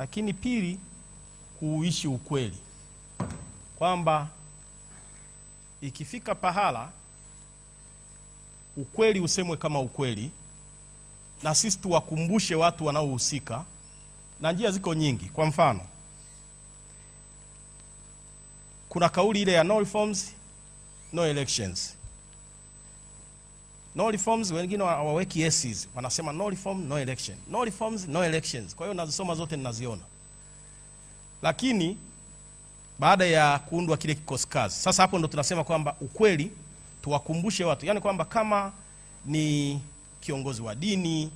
Lakini pili, kuuishi ukweli kwamba ikifika pahala ukweli usemwe kama ukweli, na sisi tuwakumbushe watu wanaohusika, na njia ziko nyingi. Kwa mfano, kuna kauli ile ya no reforms no elections No reforms, wengine hawaweki yeses, wanasema no reform no election, no reforms no elections. Kwa hiyo nazisoma zote ninaziona, lakini baada ya kuundwa kile kikosi kazi sasa, hapo ndo tunasema kwamba ukweli tuwakumbushe watu, yani kwamba kama ni kiongozi wa dini,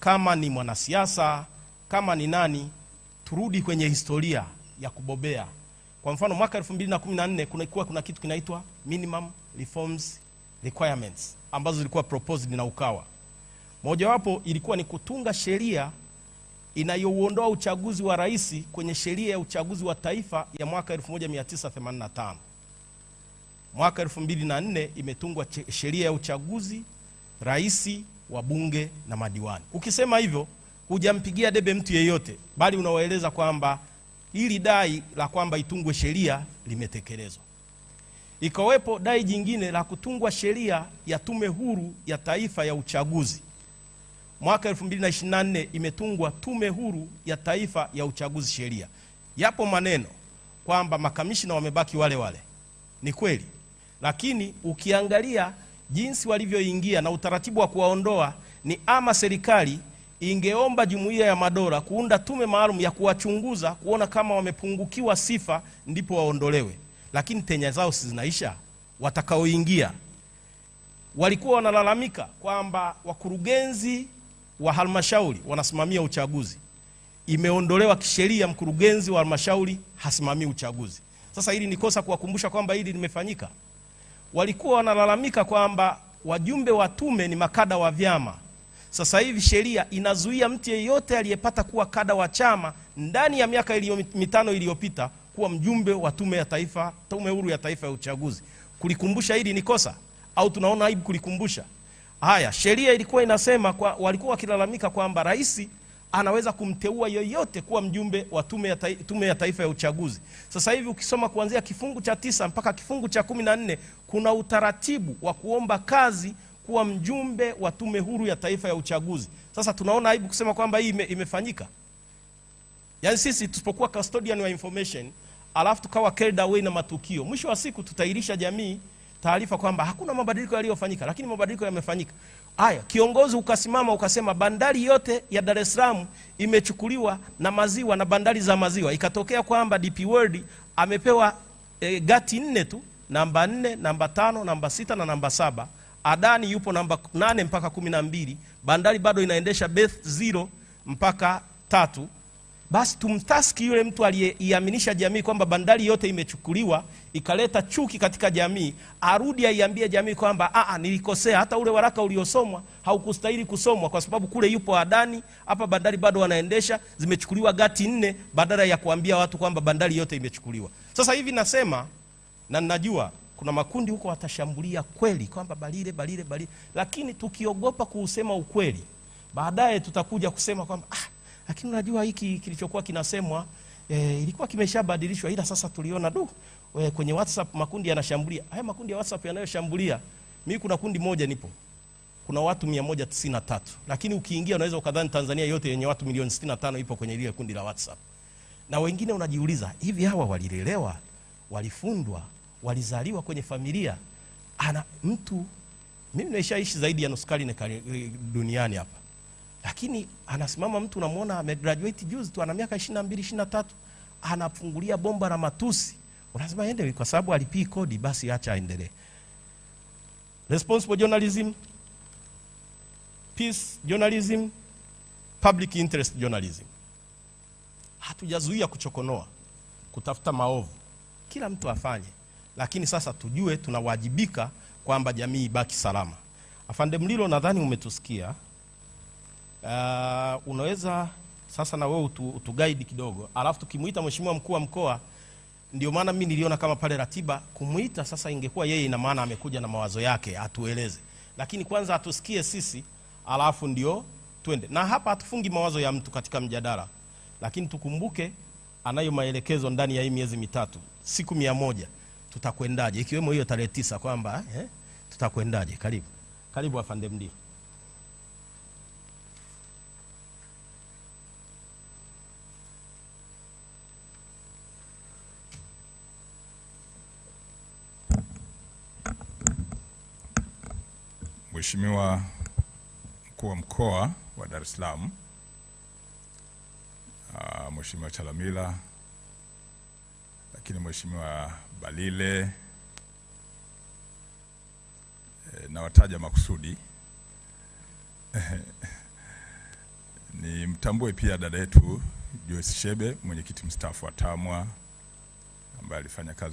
kama ni mwanasiasa, kama ni nani, turudi kwenye historia ya kubobea. Kwa mfano mwaka 2014 kuna kuwa kuna kitu kinaitwa minimum reforms requirements ambazo zilikuwa proposed na Ukawa. Mojawapo ilikuwa ni kutunga sheria inayouondoa uchaguzi wa rais kwenye sheria ya uchaguzi wa taifa ya mwaka 1985. Mwaka 2004 imetungwa sheria ya uchaguzi rais, wa bunge na madiwani. Ukisema hivyo hujampigia debe mtu yeyote, bali unawaeleza kwamba hili dai la kwamba itungwe sheria limetekelezwa. Ikawepo dai jingine la kutungwa sheria ya Tume Huru ya Taifa ya Uchaguzi. Mwaka 2024 imetungwa Tume Huru ya Taifa ya Uchaguzi sheria. Yapo maneno kwamba makamishina wamebaki wale wale, ni kweli, lakini ukiangalia jinsi walivyoingia na utaratibu wa kuwaondoa ni ama serikali ingeomba Jumuiya ya Madola kuunda tume maalum ya kuwachunguza kuona kama wamepungukiwa sifa ndipo waondolewe lakini tenya zao si zinaisha. Watakaoingia walikuwa wanalalamika kwamba wakurugenzi wa halmashauri wanasimamia uchaguzi, imeondolewa kisheria, mkurugenzi wa halmashauri hasimamii uchaguzi. Sasa hili ni kosa kuwakumbusha kwamba hili limefanyika. Walikuwa wanalalamika kwamba wajumbe wa tume ni makada wa vyama. Sasa hivi sheria inazuia mtu yeyote aliyepata kuwa kada wa chama ndani ya miaka mitano iliyopita kuwa mjumbe wa tume ya taifa, tume huru ya taifa ya uchaguzi. Kulikumbusha hili ni kosa au tunaona aibu kulikumbusha? Haya, sheria ilikuwa inasema kwa, walikuwa wakilalamika kwamba rais anaweza kumteua yoyote kuwa mjumbe wa tume ya, taifa, tume ya taifa ya uchaguzi. Sasa hivi ukisoma kuanzia kifungu cha tisa mpaka kifungu cha kumi na nne kuna utaratibu wa kuomba kazi kuwa mjumbe wa tume huru ya taifa ya uchaguzi. Sasa tunaona aibu kusema kwamba hii ime, imefanyika. Yaani sisi tusipokuwa custodian wa information alafu tukawa carried away na matukio. Mwisho wa siku tutairisha jamii taarifa kwamba hakuna mabadiliko yaliyofanyika, lakini mabadiliko yamefanyika. Haya, kiongozi ukasimama ukasema bandari yote ya Dar es Salaam imechukuliwa na maziwa na bandari za maziwa, ikatokea kwamba DP World amepewa e, gati nne tu, namba nne, namba tano, namba sita na namba saba. Adani yupo namba nane mpaka kumi na mbili. Bandari bado inaendesha berth zero mpaka tatu basi tumtaski yule mtu aliyeiaminisha jamii kwamba bandari yote imechukuliwa ikaleta chuki katika jamii, arudi aiambie jamii kwamba aa, ah, ah, nilikosea. Hata ule waraka uliosomwa haukustahili kusomwa, kwa sababu kule yupo adani, hapa bandari bado wanaendesha, zimechukuliwa gati nne, badala ya kuambia watu kwamba bandari yote imechukuliwa. Sasa hivi nasema na najua kuna makundi huko watashambulia kweli kwamba balile balile balile, lakini tukiogopa kuusema ukweli, baadaye tutakuja kusema kwamba ah, lakini unajua hiki kilichokuwa kinasemwa e, ilikuwa kimeshabadilishwa, ila sasa tuliona du e, kwenye WhatsApp makundi yanashambulia. Haya makundi ya WhatsApp yanayoshambulia, mimi kuna kundi moja nipo, kuna watu 193 lakini ukiingia unaweza ukadhani Tanzania yote yenye watu milioni 65 ipo kwenye ile kundi la WhatsApp, na wengine unajiuliza hivi hawa walilelewa, walifundwa, walizaliwa kwenye familia ana mtu mimi naishaishi zaidi ya nusu karne eh, duniani hapa lakini anasimama mtu unamwona amegraduate juzi tu, ana miaka 22 23, anafungulia bomba la matusi, unasema ende, kwa sababu alipii kodi, basi acha aendelee. Responsible journalism, peace journalism, public interest journalism. Hatujazuia kuchokonoa, kutafuta maovu, kila mtu afanye, lakini sasa tujue tunawajibika kwamba jamii ibaki salama. Afande Mlilo, nadhani umetusikia uh, unaweza sasa na wewe utu, utugaidi kidogo, alafu tukimwita mheshimiwa mkuu wa mkoa. Ndio maana mimi niliona kama pale ratiba kumwita sasa, ingekuwa yeye, ina maana amekuja na mawazo yake atueleze, lakini kwanza atusikie sisi, alafu ndio twende. Na hapa hatufungi mawazo ya mtu katika mjadala, lakini tukumbuke anayo maelekezo ndani ya hii miezi mitatu, siku mia moja tutakwendaje, ikiwemo hiyo tarehe tisa, kwamba eh, tutakwendaje. Karibu karibu afande Mdio. Mheshimiwa Mkuu wa Mkoa wa Dar es Salaam ah, Mheshimiwa Chalamila, lakini Mheshimiwa Balile na eh, nawataja makusudi ni mtambue pia dada yetu Joyce Shebe, mwenyekiti mstaafu wa TAMWA ambaye alifanya kazi